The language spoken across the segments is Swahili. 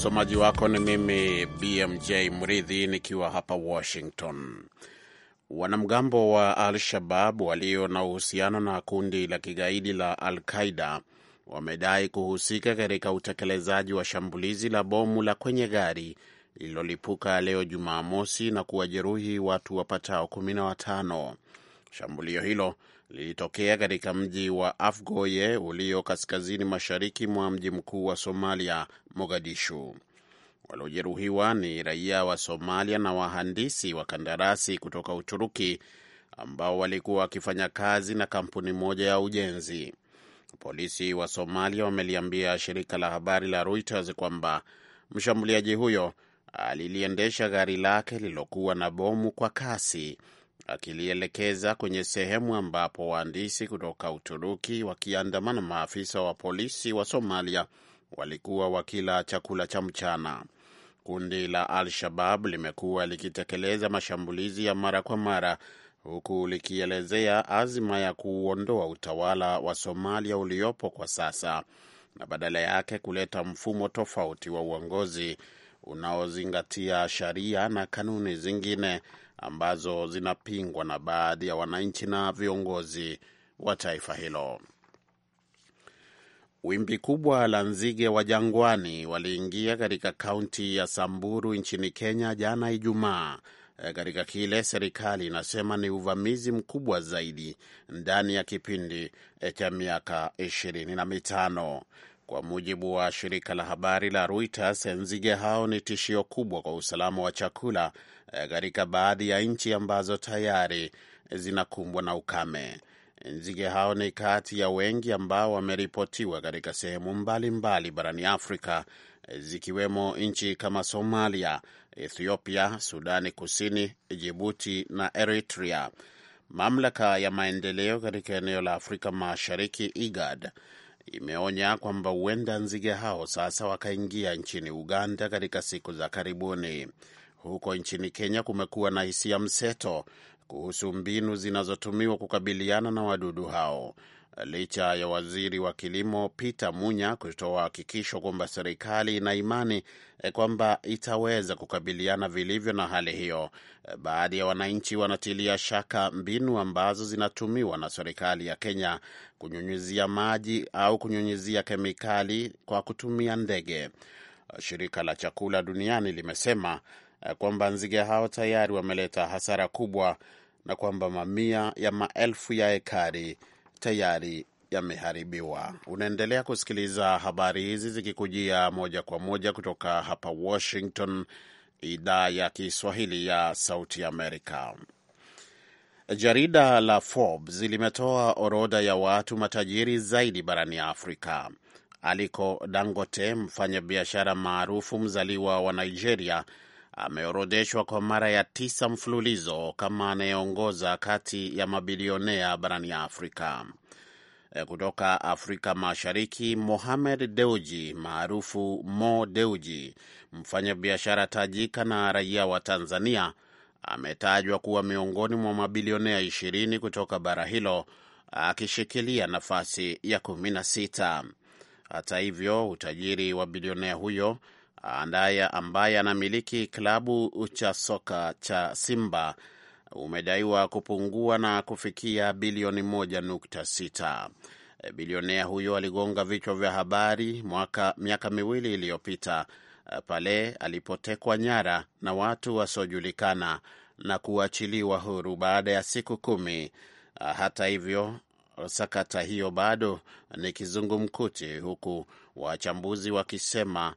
Msomaji wako ni mimi BMJ Mridhi nikiwa hapa Washington. Wanamgambo wa Al-Shabab walio na uhusiano na kundi la kigaidi la Al-Qaida wamedai kuhusika katika utekelezaji wa shambulizi la bomu la kwenye gari lililolipuka leo Jumamosi na kuwajeruhi watu wapatao kumi na watano. Shambulio hilo lilitokea katika mji wa Afgoye ulio kaskazini mashariki mwa mji mkuu wa Somalia, Mogadishu. Waliojeruhiwa ni raia wa Somalia na wahandisi wa kandarasi kutoka Uturuki ambao walikuwa wakifanya kazi na kampuni moja ya ujenzi. Polisi wa Somalia wameliambia shirika la habari la Reuters kwamba mshambuliaji huyo aliliendesha gari lake lililokuwa na bomu kwa kasi akilielekeza kwenye sehemu ambapo wahandisi kutoka Uturuki wakiandamana maafisa wa polisi wa Somalia walikuwa wakila chakula cha mchana. Kundi la Al-Shabab limekuwa likitekeleza mashambulizi ya mara kwa mara huku likielezea azma ya kuuondoa utawala wa Somalia uliopo kwa sasa na badala yake kuleta mfumo tofauti wa uongozi unaozingatia sharia na kanuni zingine ambazo zinapingwa na baadhi ya wananchi na viongozi wa taifa hilo. Wimbi kubwa la nzige wa jangwani waliingia katika kaunti ya Samburu nchini Kenya jana Ijumaa, e, katika kile serikali inasema ni uvamizi mkubwa zaidi ndani ya kipindi e, cha miaka ishirini na mitano. Kwa mujibu wa shirika la habari la Reuters, nzige hao ni tishio kubwa kwa usalama wa chakula eh, katika baadhi ya nchi ambazo tayari zinakumbwa na ukame. Nzige hao ni kati ya wengi ambao wameripotiwa katika sehemu mbalimbali barani Afrika, eh, zikiwemo nchi kama Somalia, Ethiopia, Sudani Kusini, Jibuti na Eritrea. Mamlaka ya maendeleo katika eneo la Afrika Mashariki, IGAD, imeonya kwamba huenda nzige hao sasa wakaingia nchini Uganda katika siku za karibuni. Huko nchini Kenya kumekuwa na hisia mseto kuhusu mbinu zinazotumiwa kukabiliana na wadudu hao licha ya waziri wa kilimo Peter Munya kutoa hakikisho kwamba serikali ina imani e, kwamba itaweza kukabiliana vilivyo na hali hiyo. E, baadhi ya wananchi wanatilia shaka mbinu ambazo zinatumiwa na serikali ya Kenya kunyunyizia maji au kunyunyizia kemikali kwa kutumia ndege. Shirika la chakula duniani limesema e, kwamba nzige hao tayari wameleta hasara kubwa na kwamba mamia ya maelfu ya ekari tayari yameharibiwa. Unaendelea kusikiliza habari hizi zikikujia moja kwa moja kutoka hapa Washington, idhaa ya Kiswahili ya Sauti Amerika. Jarida la Forbes limetoa orodha ya watu matajiri zaidi barani Afrika. Aliko Dangote, mfanyabiashara maarufu mzaliwa wa Nigeria, ameorodheshwa kwa mara ya tisa mfululizo kama anayeongoza kati ya mabilionea barani Afrika. Eh, kutoka Afrika Mashariki, Mohamed Deuji maarufu Mo Deuji, mfanyabiashara tajika na raia wa Tanzania, ametajwa kuwa miongoni mwa mabilionea ishirini kutoka bara hilo akishikilia nafasi ya kumi na sita. Hata hivyo, utajiri wa bilionea huyo ambaye ambaye anamiliki klabu cha soka cha Simba umedaiwa kupungua na kufikia bilioni 1.6. Bilionea huyo aligonga vichwa vya habari mwaka miaka miwili iliyopita pale alipotekwa nyara na watu wasiojulikana na kuachiliwa huru baada ya siku kumi. Hata hivyo, sakata hiyo bado ni kizungumkuti, huku wachambuzi wakisema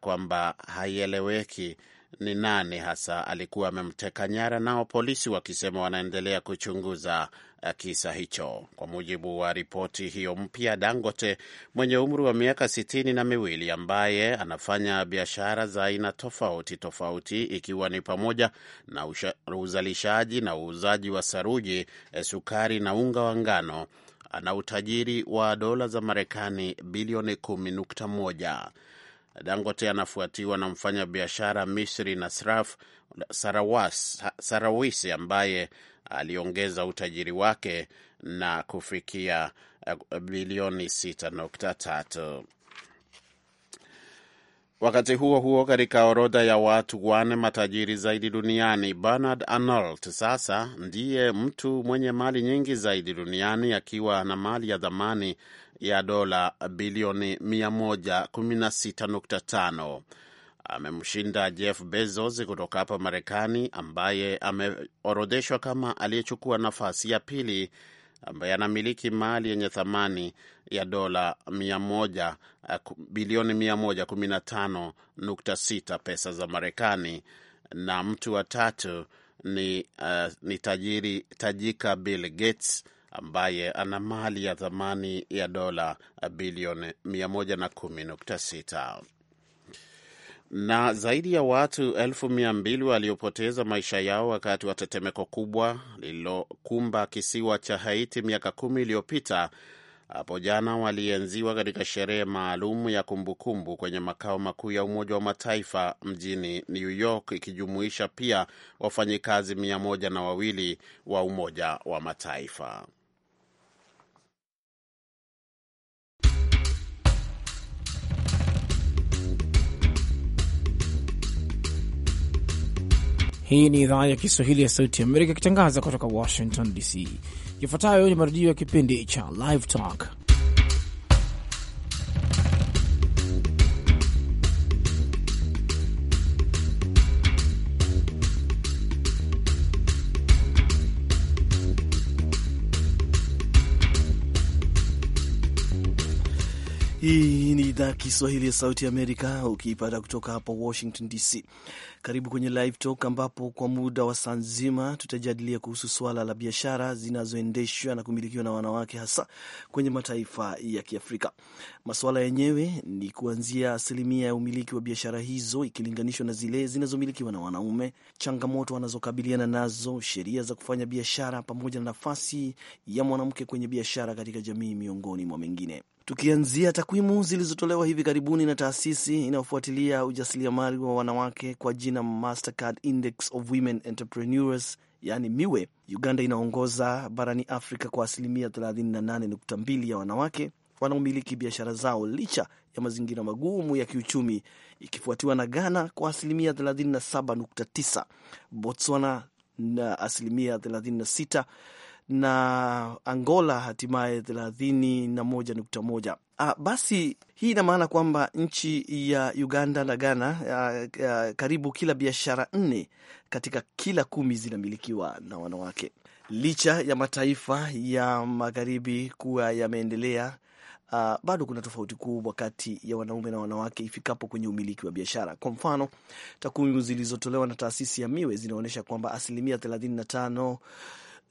kwamba haieleweki ni nani hasa alikuwa amemteka nyara, nao polisi wakisema wanaendelea kuchunguza eh, kisa hicho. Kwa mujibu wa ripoti hiyo mpya, Dangote mwenye umri wa miaka sitini na miwili ambaye anafanya biashara za aina tofauti tofauti ikiwa ni pamoja na uzalishaji na uuzaji wa saruji, eh, sukari na unga wa ngano, ana utajiri wa dola za Marekani bilioni 10.1. Dangote anafuatiwa na mfanyabiashara Misri Nasraf sraf Sarawisi ambaye aliongeza utajiri wake na kufikia eh, bilioni 6.3. Wakati huo huo, katika orodha ya watu wane matajiri zaidi duniani, Bernard Arnault sasa ndiye mtu mwenye mali nyingi zaidi duniani akiwa na mali ya dhamani ya dola bilioni 116.5. Amemshinda Jeff Bezos kutoka hapa Marekani, ambaye ameorodheshwa kama aliyechukua nafasi ya pili, ambaye anamiliki mali yenye thamani ya dola bilioni 115.6 pesa za Marekani, na mtu wa tatu ni, uh, ni tajiri tajika Bill Gates ambaye ana mali ya thamani ya dola bilioni 110.6 na zaidi ya watu elfu mia mbili waliopoteza maisha yao wakati wa tetemeko kubwa lililokumba kisiwa cha Haiti miaka kumi iliyopita hapo jana walienziwa katika sherehe maalum ya kumbukumbu kwenye makao makuu ya Umoja wa Mataifa mjini New York, ikijumuisha pia wafanyikazi mia moja na wawili wa Umoja wa Mataifa. Hii ni idhaa ya Kiswahili ya Sauti ya Amerika ikitangaza kutoka Washington DC. Ifuatayo ni marudio ya kipindi cha Live Talk Hii ni idhaa ya Kiswahili ya Sauti ya Amerika, ukiipata kutoka hapa Washington DC. Karibu kwenye Live Talk ambapo kwa muda wa saa nzima tutajadilia kuhusu suala la biashara zinazoendeshwa na kumilikiwa na wanawake, hasa kwenye mataifa ya Kiafrika. Masuala yenyewe ni kuanzia asilimia ya umiliki wa biashara hizo ikilinganishwa na zile zinazomilikiwa na wanaume, changamoto wanazokabiliana nazo, sheria za kufanya biashara, pamoja na nafasi ya mwanamke kwenye biashara katika jamii, miongoni mwa mengine. Tukianzia takwimu zilizotolewa hivi karibuni na taasisi inayofuatilia ujasiriamali wa wanawake kwa jina Mastercard Index of Women Entrepreneurs, yani MIWE, Uganda inaongoza barani Afrika kwa asilimia 38.2 ya wanawake wanaomiliki biashara zao licha ya mazingira magumu ya kiuchumi, ikifuatiwa na Ghana kwa asilimia 37.9, Botswana na asilimia na Angola hatimaye moja. Ah, basi hii ina maana kwamba nchi ya Uganda na Ghana ah, ah, karibu kila biashara nne katika kila kumi zinamilikiwa na wanawake. Licha ya mataifa ya magharibi kuwa yameendelea, ah, bado kuna tofauti kubwa kati ya wanaume na wanawake ifikapo kwenye umiliki wa biashara. Kwa mfano, takwimu zilizotolewa na taasisi ya Miwe zinaonyesha kwamba asilimia tano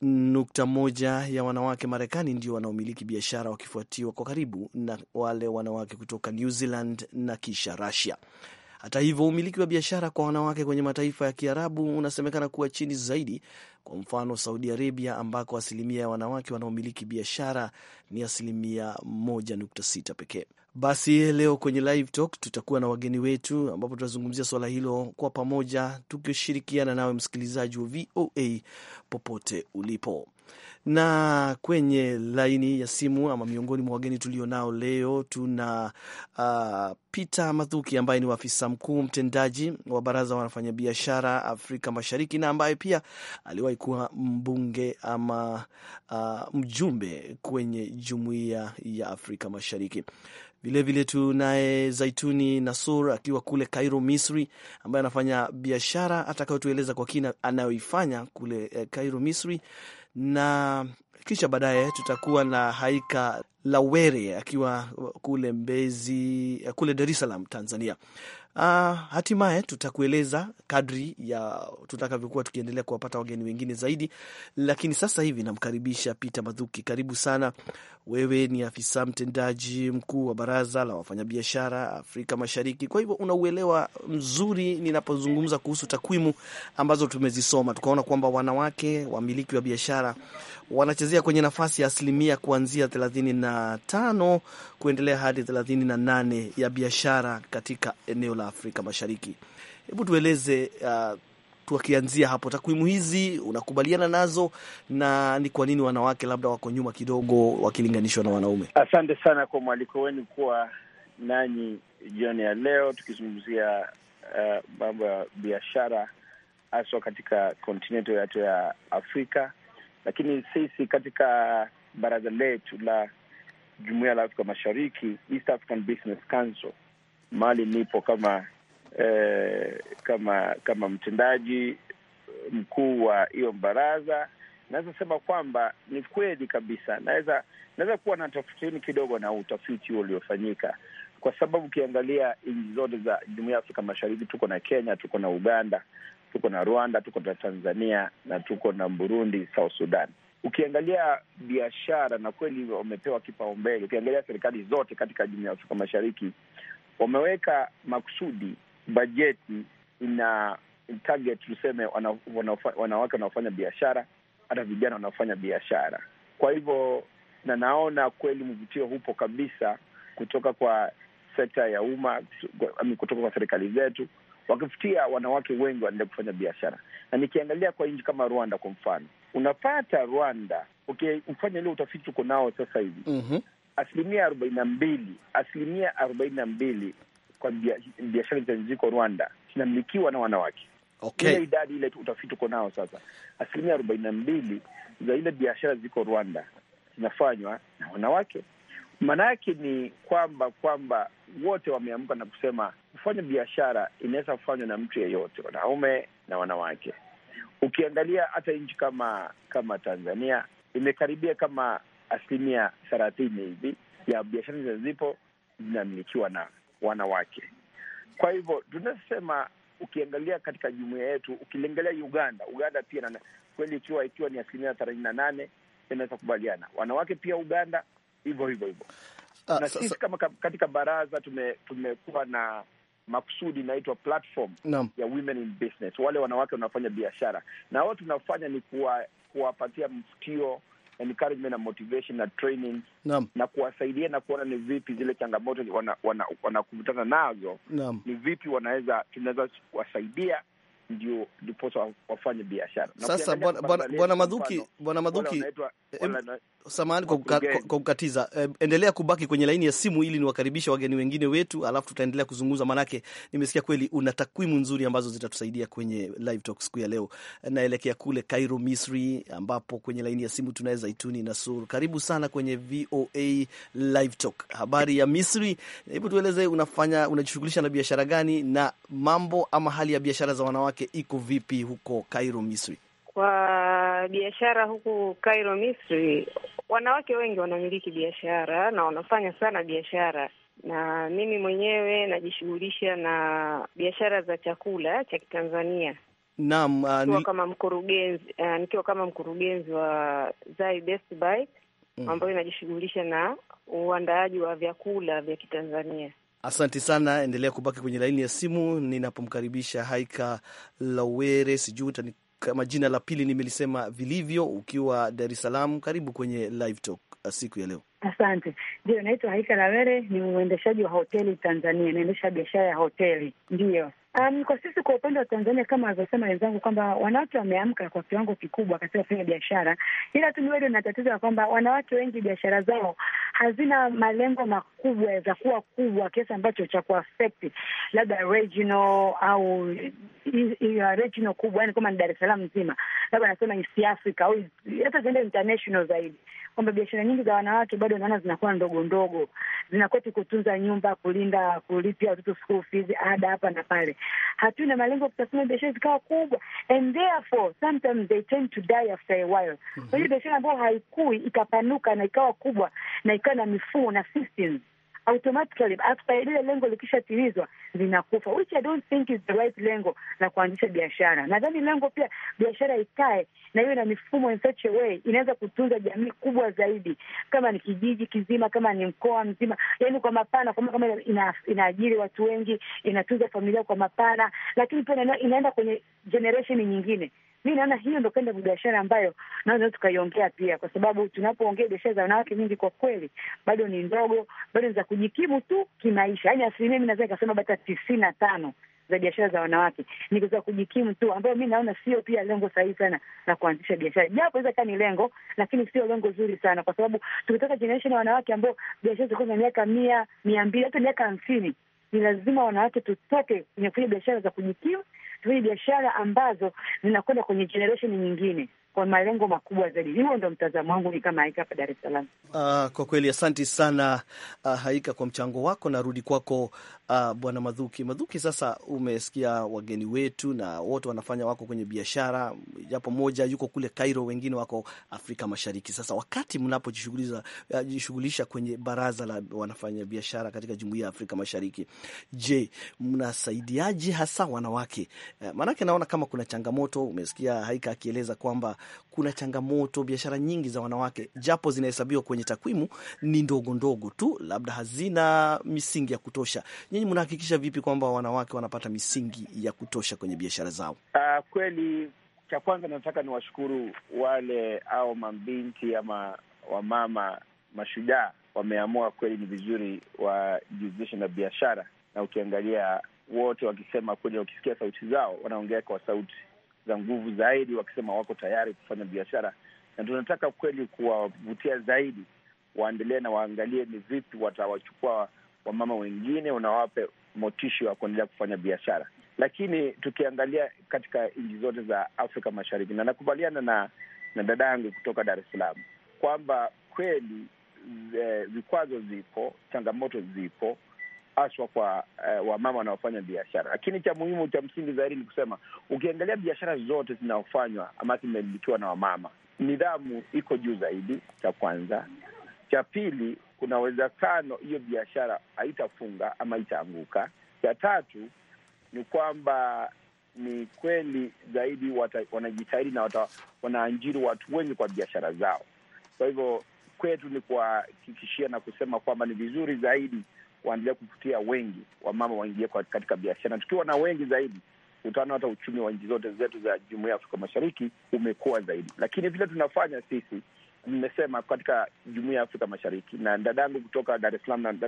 nukta moja ya wanawake Marekani ndio wanaomiliki biashara wakifuatiwa kwa karibu na wale wanawake kutoka New Zealand na kisha Russia. Hata hivyo, umiliki wa biashara kwa wanawake kwenye mataifa ya Kiarabu unasemekana kuwa chini zaidi, kwa mfano Saudi Arabia, ambako asilimia ya wanawake wanaomiliki biashara ni asilimia 1.6 pekee. Basi leo kwenye Live Talk tutakuwa na wageni wetu, ambapo tutazungumzia swala hilo kwa pamoja, tukishirikiana nawe msikilizaji wa VOA popote ulipo na kwenye laini ya simu ama miongoni mwa wageni tulio nao leo tuna uh, Peter Mathuki ambaye ni afisa mkuu mtendaji wa baraza biashara Afrika Mashariki na ambaye pia aliwahi kuwa mbunge ama uh, mjumbe kwenye jumuiya ya Afrika Mashariki. Vilevile tunaye Zaituni Nasur akiwa kule Kairo, Misri, ambaye anafanya biashara atakayotueleza kwa kina anayoifanya kule Kairo, eh, Misri na kisha baadaye tutakuwa na Haika Lawere akiwa kule Mbezi, kule Dar es Salaam, Tanzania. Uh, hatimaye tutakueleza kadri ya tutakavyokuwa tukiendelea kuwapata wageni wengine zaidi, lakini sasa hivi namkaribisha Peter Madhuki. Karibu sana. Wewe ni afisa mtendaji mkuu wa Baraza la Wafanyabiashara Afrika Mashariki, kwa hivyo unauelewa mzuri ninapozungumza kuhusu takwimu ambazo tumezisoma, tukaona kwamba wanawake wamiliki wa biashara wanachezea kwenye nafasi ya asilimia kuanzia thelathini na 35 kuendelea hadi thelathini na nane ya biashara katika eneo la Afrika Mashariki. Hebu tueleze uh, tukianzia hapo, takwimu hizi unakubaliana nazo na ni kwa nini wanawake labda wako nyuma kidogo wakilinganishwa na wanaume? Asante sana kwa mwaliko wenu kuwa nanyi jioni ya leo tukizungumzia uh, mambo ya biashara haswa katika kontinenti yetu ya Afrika, lakini sisi katika baraza letu la jumuiya la Afrika Mashariki, East African Business Council, mahali nipo kama eh, kama kama mtendaji eh, mkuu wa hiyo baraza, naweza sema kwamba ni kweli kabisa, naweza naweza kuwa na tofautini kidogo na utafiti huo uliofanyika, kwa sababu ukiangalia nchi zote za jumuiya ya Afrika Mashariki, tuko na Kenya, tuko na Uganda, tuko na Rwanda, tuko na Tanzania na tuko na Burundi, South Sudan. Ukiangalia biashara na kweli wamepewa kipaumbele. Ukiangalia serikali zote katika jumuiya ya Afrika Mashariki wameweka makusudi bajeti ina target, tuseme wanawake wanaofanya biashara, hata vijana wanaofanya biashara. Kwa hivyo, na naona kweli mvutio hupo kabisa kutoka kwa sekta ya umma, kutoka kwa serikali zetu wakifutia wanawake wengi waende kufanya biashara. Na nikiangalia kwa nchi kama Rwanda kwa mfano, unapata Rwanda ukifanya ile utafiti tuko nao sasa hivi mm -hmm. asilimia arobaini na mbili asilimia arobaini na mbili kwa biashara ziko Rwanda zinamilikiwa na wanawake. Okay. Ile idadi ile utafiti uko nao sasa, asilimia arobaini na mbili za ile biashara ziko Rwanda zinafanywa na wanawake maana yake ni kwamba kwamba wote wameamka na kusema kufanya biashara inaweza kufanywa na mtu yeyote, wanaume na wanawake. Ukiangalia hata nchi kama kama Tanzania imekaribia kama asilimia thelathini hivi ya biashara zipo zinamilikiwa na wanawake. Kwa hivyo tunasema, ukiangalia katika jumuia yetu, ukilengelea Uganda, Uganda pia kweli, ikiwa ikiwa ni asilimia thelathini na nane inaweza kubaliana wanawake pia Uganda hivyo hivyo hivyo. Ah, na sisi kama katika baraza tumekuwa tume, na makusudi inaitwa platform no. ya women in business, wale wanawake wanafanya biashara, na wao tunafanya ni kuwapatia mfutio encouragement na motivation na training Naam. na kuwasaidia na kuona ni vipi zile changamoto wanakutana wana, wana nazo Naam. ni vipi wanaweza tunaweza kuwasaidia ndio ndiposa wafanye biashara. Sasa bwana Madhuki, bwana Madhuki, samahani kwa, kuka, kwa kukatiza. eh, endelea kubaki kwenye laini ya simu ili niwakaribishe wageni wengine wetu, alafu tutaendelea kuzungumza, maanake nimesikia kweli una takwimu nzuri ambazo zitatusaidia kwenye live talk siku ya leo. Naelekea kule Cairo, Misri, ambapo kwenye laini ya simu tunaye Zaituni Nasur. Karibu sana kwenye VOA live talk. Habari ya Misri, hebu tueleze unafanya, unajishughulisha na biashara gani na mambo ama hali ya biashara za wanawake iko vipi huko Cairo, Misri? kwa biashara huku Cairo, Misri, wanawake wengi wanamiliki biashara na wanafanya sana biashara, na mimi mwenyewe najishughulisha na biashara za chakula cha Kitanzania. Naam, uh, nikiwa kama mkurugenzi uh, nikiwa kama mkurugenzi wa Zai Best Buy mm, ambayo inajishughulisha na uandaaji wa vyakula vya Kitanzania. Asante sana, endelea kubaki kwenye laini ya simu ninapomkaribisha Haika Lawere, sijui kama jina la pili nimelisema vilivyo, ukiwa Dar es Salaam. Karibu kwenye Live Talk uh, siku ya leo. Asante. Ndio, naitwa Haika Lawere, ni mwendeshaji wa hoteli Tanzania, naendesha biashara ya hoteli. Ndiyo, Um, kwa sisi kwa upande wa Tanzania kama alivyosema wenzangu kwamba wanawake wameamka kwa kiwango kikubwa katika kufanya biashara, ila tu bado na tatizo ya kwamba wanawake wengi biashara zao hazina malengo makubwa za kuwa kubwa kiasi ambacho cha kuaffect labda regional au regional kubwa, yani kama ni Dar es Salaam nzima, labda anasema East Africa au hata international zaidi kwamba biashara nyingi za wanawake bado naona zinakuwa ndogo ndogo, zinakuwa tu kutunza nyumba, kulinda, kulipia watoto school fees, ada hapa na pale. Hatuna malengo ya kutafuna biashara zikawa kubwa, and therefore sometimes they tend to die after a while. Kwa hiyo mhm. biashara ambayo haikui ikapanuka na ikawa kubwa na ikawa na mifumo na systems automatically after lile lengo likishatimizwa zinakufa, which I don't think is the right lengo la kuanzisha biashara. Nadhani lengo pia biashara ikae na hiyo na mifumo in such a way inaweza kutunza jamii kubwa zaidi, kama ni kijiji kizima, kama ni mkoa mzima, yani kwa mapana, kama kama ina, inaajiri watu wengi, inatunza familia kwa mapana, lakini pia inaenda kwenye generation nyingine mi naona hiyo ndo kenda biashara ambayo naweza tukaiongea pia, kwa sababu tunapoongea biashara za wanawake nyingi kwa kweli bado ni ndogo, bado ni za kujikimu tu kimaisha. Yani asilimia mi naweza ikasema hata tisini na tano za biashara za wanawake ni za kujikimu tu, ambayo mi naona sio pia lengo sahihi sana la kuanzisha biashara, japo inaweza kaa ni lengo, lakini sio lengo zuri sana, kwa sababu tukitaka generation ya wanawake ambao biashara zilikuwa za miaka mia mia mbili hata miaka hamsini ni lazima wanawake tutoke kwenye kufanya biashara za kujikimu tu biashara ambazo zinakwenda kwenye generation nyingine kwa malengo makubwa zaidi. Hiyo ndo mtazamo wangu ni kama Haika hapa Dar es Salaam. Uh, kwa kweli asanti sana uh, Haika kwa mchango wako. Narudi kwako uh, Bwana Madhuki. Madhuki, sasa umesikia wageni wetu na wote wanafanya wako kwenye biashara, japo moja yuko kule Cairo, wengine wako Afrika Mashariki. Sasa wakati mnapojishughulisha kwenye baraza la wanafanya biashara katika jumuia ya Afrika Mashariki, je, mnasaidiaje hasa wanawake? Uh, maanake naona kama kuna changamoto. Umesikia Haika akieleza kwamba kuna changamoto, biashara nyingi za wanawake japo zinahesabiwa kwenye takwimu ni ndogo ndogo tu, labda hazina misingi ya kutosha. Nyinyi mnahakikisha vipi kwamba wanawake wanapata misingi ya kutosha kwenye biashara zao? Uh, kweli cha kwanza nataka niwashukuru wale au mabinti ama wamama mashujaa wameamua kweli ni vizuri wajihusishe na biashara, na ukiangalia wote wakisema kweli, wakisikia sauti zao wanaongea kwa sauti za nguvu zaidi, wakisema wako tayari kufanya biashara, na tunataka kweli kuwavutia zaidi waendelee na waangalie ni vipi watawachukua wamama wengine, unawape motishi wa kuendelea kufanya biashara. Lakini tukiangalia katika nchi zote za Afrika Mashariki, na nakubaliana na na dada yangu kutoka Dar es Salaam kwamba kweli eh, vikwazo zipo, changamoto zipo, haswa kwa eh, wamama wanaofanya biashara. Lakini cha muhimu cha msingi zaidi ni kusema, ukiangalia biashara zote zinaofanywa ama zimemilikiwa na wamama, nidhamu iko juu zaidi, cha kwanza. Cha pili, kuna uwezekano hiyo biashara haitafunga ama itaanguka. Cha tatu ni kwamba ni kweli zaidi wanajitahidi na wata, wanaanjiri watu wengi kwa biashara zao. Kwa hivyo kwetu ni kuhakikishia na kusema kwamba ni vizuri zaidi waendelea kuvutia wengi wamama waingie katika biashara, na tukiwa na wengi zaidi utaona hata uchumi wa nchi zote zetu za jumuiya ya Afrika Mashariki umekuwa zaidi. Lakini vile tunafanya sisi, nimesema katika jumuiya ya Afrika Mashariki, na dadangu kutoka Dar es Salaam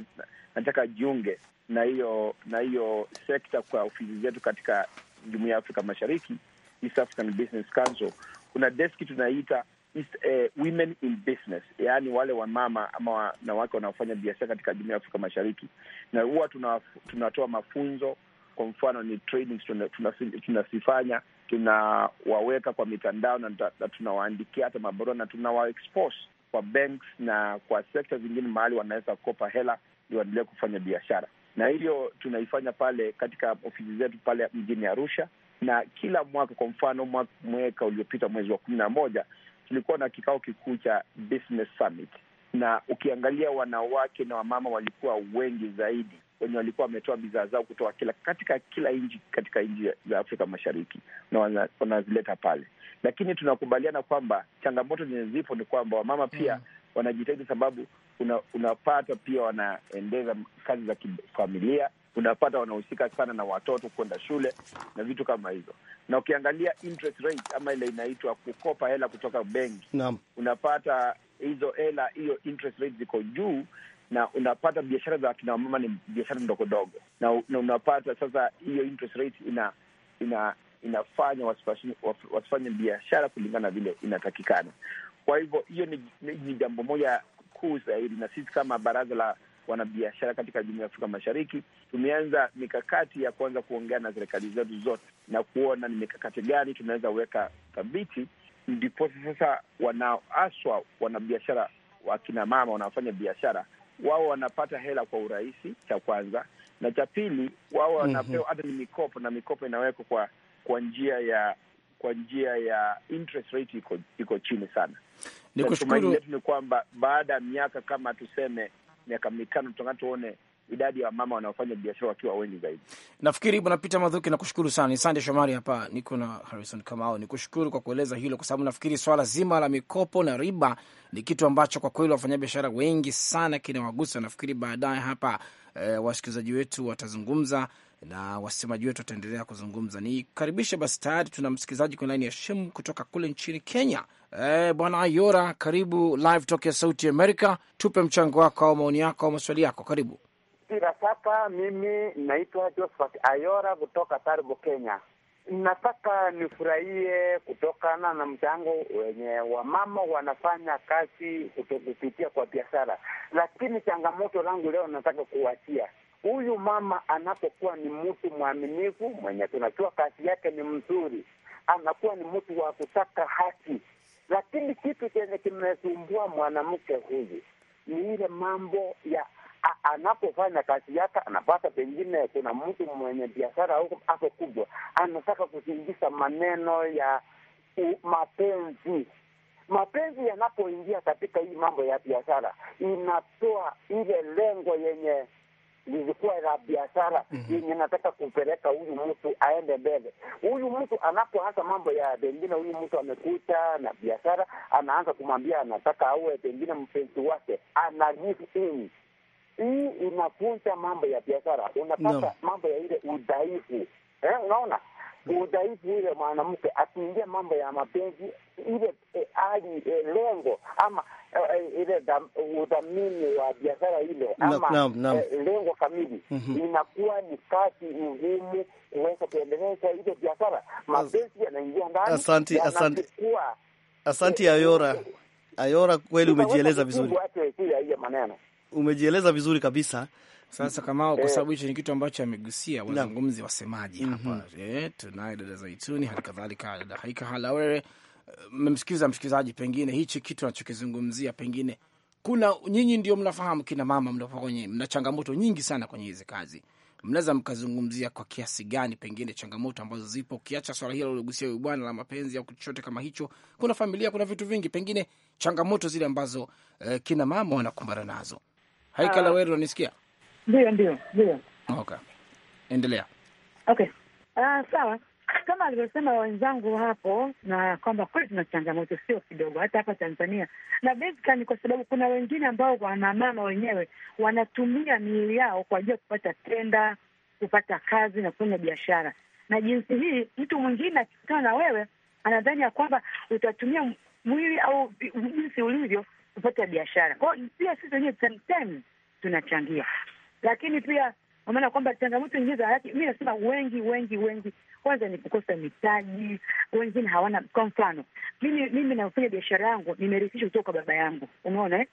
nataka jiunge na hiyo na hiyo sekta kwa ofisi zetu katika jumuiya ya Afrika Mashariki, East African Business Council. Kuna deski tunaita uh, women in business, yaani wale wamama ama wanawake wanaofanya biashara katika jumuia ya Afrika Mashariki, na huwa tunatoa mafunzo. Kwa mfano ni trainings tunazifanya, tunawaweka kwa mitandao na, na tunawaandikia hata mabarua na expose kwa banks na kwa sekta zingine mahali wanaweza kukopa hela ili waendelee kufanya biashara, na hiyo tunaifanya pale katika ofisi zetu pale mjini Arusha na kila mwaka, kwa mfano mwaka uliopita mwezi wa kumi na moja tulikuwa na kikao kikuu cha Business Summit, na ukiangalia wanawake na wamama walikuwa wengi zaidi wenye walikuwa wametoa bidhaa zao kutoka kila katika kila nchi katika nchi za Afrika Mashariki na wanazileta pale, lakini tunakubaliana kwamba changamoto zenye zipo ni kwamba wamama pia mm, wanajitahidi sababu una, pia wanaendeza kazi za kifamilia unapata wanahusika sana na watoto kwenda shule na vitu kama hivyo. Na ukiangalia interest rate ama ile inaitwa kukopa hela kutoka benki, unapata hizo hela, hiyo interest rate ziko juu, na unapata biashara za akina mama ni biashara ndogodogo, na, na unapata sasa hiyo interest rate ina ina inafanya wasifanye biashara kulingana na vile inatakikana. Kwa hivyo hiyo ni, ni, ni jambo moja kuu zaidi, na sisi kama baraza la wanabiashara katika jumuiya ya Afrika Mashariki, tumeanza mikakati ya kuanza kuongea na serikali zetu zote na kuona ni mikakati gani tunaweza weka thabiti, ndiposa sasa wanaaswa wanabiashara wakinamama wanaofanya biashara wao wanapata hela kwa urahisi, cha kwanza, na cha pili wao mhm. wanapewa hata ni mikopo, na mikopo inawekwa kwa kwa njia ya kwa njia ya interest rate iko iko chini sana. Ni kushukuru... ni kwamba baada ya miaka kama tuseme miaka mitano tutakaa tuone idadi ya wamama wanaofanya biashara wakiwa wengi zaidi. Nafikiri Bwana Peter Madhuki, nakushukuru sana. Ni Sande Shomari hapa, niko na Harrison Kamau. kushukuru kwa kueleza hilo, kwa sababu nafikiri swala zima la mikopo na riba ni kitu ambacho kwa kweli wafanyabiashara wengi sana kinawagusa. Nafikiri baadaye hapa e, wasikilizaji wetu watazungumza na wasemaji wetu wataendelea kuzungumza. karibishe basi, tayari tuna msikilizaji kwenye laini ya simu kutoka kule nchini Kenya. E, Bwana Ayora, karibu Live Talk ya Sauti Amerika. Tupe mchango wako au maoni yako au maswali yako, karibu. Bila shaka, mimi naitwa Josephat Ayora kutoka Taribo, Kenya. Nataka nifurahie kutokana na mchango wenye wamama wanafanya kazi kupitia kwa biashara, lakini changamoto langu leo nataka kuwachia huyu mama anapokuwa ni mtu mwaminifu, mwenye tunajua kazi yake ni mzuri, anakuwa ni mtu wa kutaka haki. Lakini kitu chenye kimesumbua mwanamke huyu ni ile mambo ya anapofanya kazi yake, anapata pengine, kuna mtu mwenye biashara au ako kubwa, anataka kuzingiza maneno ya u, mapenzi mapenzi yanapoingia katika hii mambo ya biashara, inatoa ile lengo yenye lilikuwa la biashara mhm. yenye nataka kumpeleka huyu mtu aende mbele. Huyu mtu anapoanza mambo ya pengine, huyu mtu amekuta na biashara, anaanza kumwambia anataka awe pengine mpenzi wake, ana in. Hii inafunza mambo ya biashara, unapata no. mambo ya ile udhaifu eh, unaona udhaifu ile mwanamke akiingia mambo ya mapenzi ile eh, hali eh, eh, lengo ama Eh, ile udhamini wa biashara ile ama no, no, no. lengo kamili mm -hmm. Inakuwa ni kazi ngumu kuweza kuendeleza ile biashara, mabenzi yanaingia ndani. Asante, asante, eh, Ayora. Ayora, kweli umejieleza vizuri, umejieleza vizuri kabisa. Sasa kama kwa eh. sababu hicho ni kitu ambacho amegusia wazungumzi wasemaji hapa. mm -hmm. tunaye dada Zaituni, hali kadhalika dada Haika Halawewe mmemsikiza msikilizaji, pengine hichi kitu anachokizungumzia pengine kuna nyinyi ndio mnafahamu, kina mama mnapo kwenye, mna changamoto nyingi sana kwenye hizi kazi, mnaweza mkazungumzia kwa kiasi gani pengine changamoto ambazo zipo, ukiacha swala hilo lilogusia huyu bwana la mapenzi au chochote kama hicho, kuna familia, kuna vitu vingi, pengine changamoto zile ambazo eh, kina mama wanakumbana nazo. Haikala uh, ah. unanisikia? Ndio, ndio, ndio. Okay, endelea. Okay, uh, sawa kama alivyosema wenzangu hapo, na kwamba kweli tuna changamoto sio kidogo, hata hapa Tanzania, na basically kwa sababu kuna wengine ambao wanamama wenyewe wanatumia miili yao kwa ajili ya kupata tenda, kupata kazi na kufanya biashara. Na jinsi hii, mtu mwingine akikutana na wewe anadhani ya kwamba utatumia mwili au jinsi ulivyo kupata biashara. Kwa hiyo pia sisi wenyewe sometimes tunachangia, lakini pia kwa maana kwamba changamoto nyingine za hayati, mi nasema wengi wengi wengi, kwanza ni kukosa mitaji, wengine hawana. Kwa mfano mimi, mimi nafanya biashara yangu nimerithisha kutoka kwa baba yangu, umeona eh?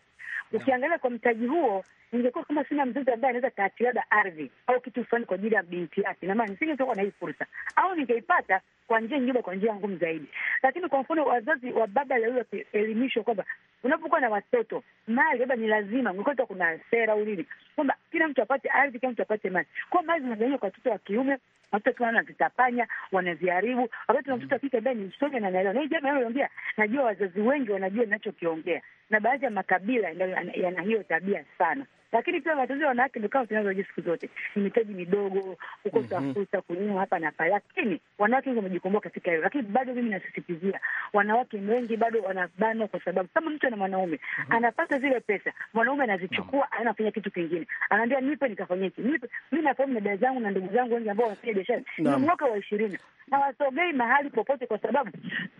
Ukiangalia kwa mtaji huo ningekuwa kama sina mzazi ambaye anaweza kaachilia labda ardhi au kitu fulani kwa ajili ya binti yake, na maana nisingekuwa na hii fursa, au ningeipata kwa njia nyingine, kwa njia ngumu zaidi. Lakini kwa mfano, wazazi wa baba leo wakielimishwa kwamba unapokuwa na watoto mali labda ni lazima, ungekuta kuna sera au nini kwamba kila mtu apate ardhi, kila mtu apate mali, kwa mali zinagawanywa kwa watoto wa kiume watoto wanazitapanya wanaziharibu, wakati na mtoto wa ambaye ni msoja na naelewa. Na hii jambo naloongea, najua wazazi wengi wanajua ninachokiongea, na baadhi ya makabila yana hiyo tabia sana lakini pia matatizo ya wanawake ni kama tunavyoji siku zote, ni mitaji midogo, ukosa mm -hmm. fursa kunyua hapa na pale, lakini wanawake wengi wamejikomboa katika hiyo. Lakini bado mimi nasisitizia, wanawake wengi bado wanabanwa, kwa sababu kama mtu ana mwanaume mm -hmm. anapata zile pesa, mwanaume anazichukua mm -hmm. anafanya kitu kingine, anaambia nipe, nikafanyia hiki, nipe. Mi nafahamu na dada zangu na ndugu zangu wengi ambao wanafanya biashara ni mwaka wa ishirini hawasogei mahali popote, kwa sababu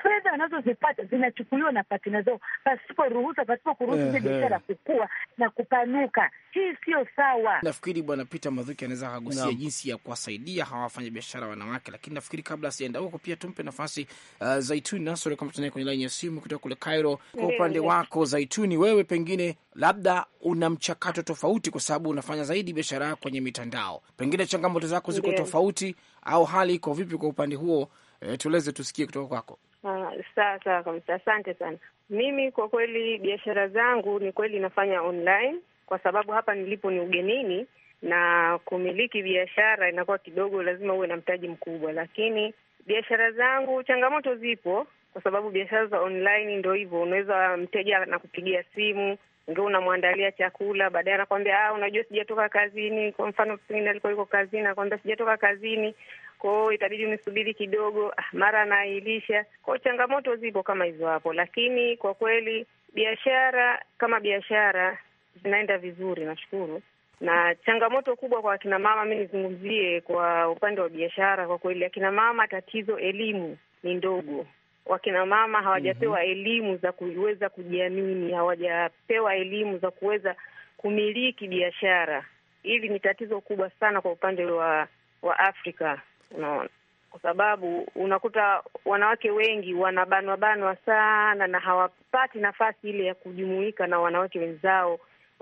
fedha wanazozipata zinachukuliwa na patina zao pasipo ruhusa, pasipo kuruhusu ile biashara kukua na kupanuka hii sio sawa. Nafikiri bwana Peter Madhuki anaweza akagusia no. jinsi ya kuwasaidia hawa wafanyabiashara wanawake, lakini nafikiri kabla sijaenda huko pia tumpe nafasi uh, Zaituni Nasore kama tunaye kwenye laini ya simu kutoka kule Cairo. Kwa upande wako Zaituni, wewe pengine labda una mchakato tofauti, kwa sababu unafanya zaidi biashara yako kwenye mitandao, pengine changamoto zako ziko tofauti au hali iko vipi kwa upande huo? E, tueleze tusikie kutoka kwako. Ah, sawa sawa kabisa, asante sana. Mimi kwa kweli biashara zangu ni kweli nafanya online kwa sababu hapa nilipo ni ugenini na kumiliki biashara inakuwa kidogo, lazima uwe na mtaji mkubwa. Lakini biashara zangu changamoto zipo, kwa sababu biashara za online ndo hivyo, unaweza mteja kupigia simu ndio unamwandalia chakula, baadaye anakwambia ah, unajua sijatoka kazini. Kwa mfano, pengine alikuwa yuko kazini, anakwambia sijatoka kazini, kwao itabidi unisubiri kidogo, ah, mara anaahirisha. Kwao changamoto zipo kama hizo hapo, lakini kwa kweli biashara kama biashara zinaenda vizuri, nashukuru. Na changamoto kubwa kwa akina mama, mi nizungumzie kwa upande wa biashara. Kwa kweli, akina mama, tatizo elimu ni ndogo. Wakina mama hawajapewa mm -hmm. elimu za kuweza kujiamini, hawajapewa elimu za kuweza kumiliki biashara. Hili ni tatizo kubwa sana kwa upande wa wa Afrika, unaona, kwa sababu unakuta wanawake wengi wanabanwa banwa sana na hawapati nafasi ile ya kujumuika na wanawake wenzao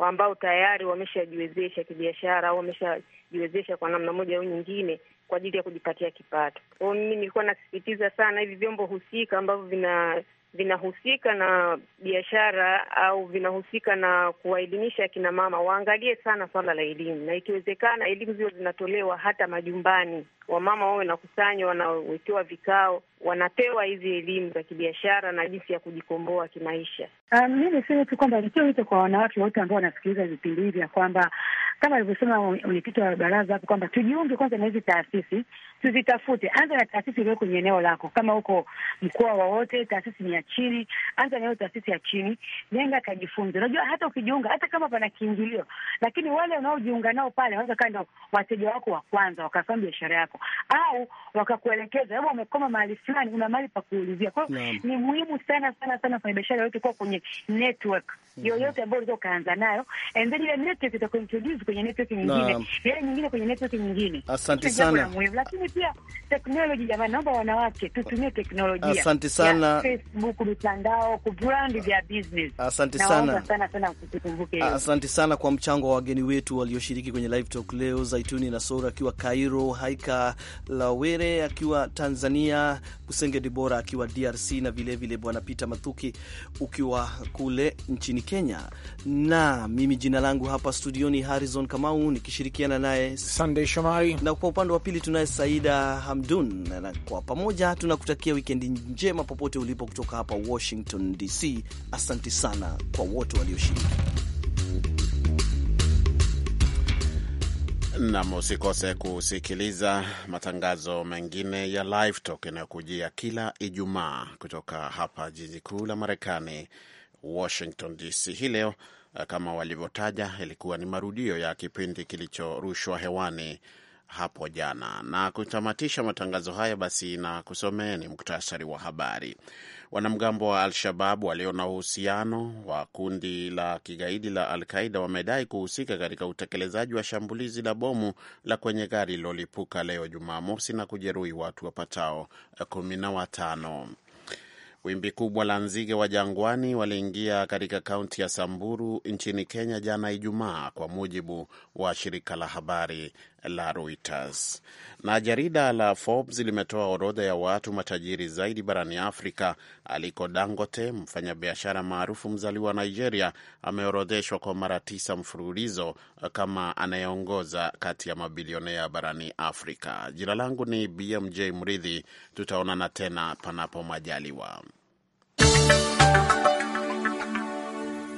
ambao tayari wameshajiwezesha kibiashara au wameshajiwezesha kwa namna moja au nyingine kwa ajili ya kujipatia kipato. Kwa hiyo mimi nilikuwa nasisitiza sana hivi vyombo husika ambavyo vina vinahusika na biashara au vinahusika na kuwaelimisha akina mama waangalie sana swala la elimu, na ikiwezekana elimu hizo zinatolewa hata majumbani, wamama wawe nakusanywa, wanawekewa vikao wanapewa hizi elimu za kibiashara na jinsi ya kujikomboa kimaisha. Um, ah, Mi niseme tu kwamba nitoe wito kwa wanawake wote ambao wanasikiliza vipindi hivi ya kwamba kama alivyosema mwenyekiti wa baraza hapo kwamba tujiunge kwanza na hizi taasisi, tuzitafute. Anza na taasisi iliyo kwenye eneo lako, kama huko mkoa wowote, taasisi ni ya chini, anza na hiyo taasisi ya chini, nenda kajifunze. Unajua, hata ukijiunga, hata kama pana kiingilio, lakini wale wanaojiunga nao pale wanaweza kaa ndo wateja wako wa kwanza, wakafahamu biashara yako, au wakakuelekeza, hebu umekoma mahali fulani una mali pa kuulizia. Kwa hiyo ni muhimu sana sana sana kwenye biashara yote kuwa kwenye network yoyote ambayo ulizo ukaanza nayo, and then ile network itakuwa introduce kwenye network nyingine, ile yaani nyingine kwenye network nyingine. Asante sana lakini pia technology, jamani, naomba wanawake tutumie teknolojia. Asante sana Facebook, mitandao, ku brand their business. Asante sana sana sana, kukumbuke. Asante sana kwa mchango wa wageni wetu walioshiriki kwenye live talk leo, Zaituni na Sora akiwa Cairo, Haika Lawere akiwa Tanzania, Usenge Debora akiwa DRC na vilevile Bwana Peter Mathuki ukiwa kule nchini Kenya, na mimi jina langu hapa studioni Harrison Kamau nikishirikiana naye Sunday Shomari, na kwa upande wa pili tunaye Saida Hamdun, na kwa pamoja tunakutakia wikendi njema popote ulipo kutoka hapa Washington DC. Asante sana kwa wote walioshiriki. Nam, usikose kusikiliza matangazo mengine ya Live Talk yanayokujia kila Ijumaa kutoka hapa jiji kuu la Marekani, Washington DC. Hii leo eh, kama walivyotaja, ilikuwa ni marudio ya kipindi kilichorushwa hewani hapo jana. Na kutamatisha matangazo haya basi, na kusomeeni muktasari wa habari. Wanamgambo wa Al-Shabab walio na uhusiano wa kundi la kigaidi la Al-Qaida wamedai kuhusika katika utekelezaji wa shambulizi la bomu la kwenye gari lilolipuka leo Jumamosi na kujeruhi watu wapatao eh, kumi na watano. Wimbi kubwa la nzige wa jangwani waliingia katika kaunti ya Samburu nchini Kenya jana Ijumaa, kwa mujibu wa shirika la habari la Reuters. Na jarida la Forbes limetoa orodha ya watu matajiri zaidi barani Afrika aliko Dangote, mfanyabiashara maarufu mzaliwa wa Nigeria, ameorodheshwa kwa mara tisa mfululizo kama anayeongoza kati ya mabilionea barani Afrika. Jina langu ni BMJ Mridhi, tutaonana tena panapo majaliwa.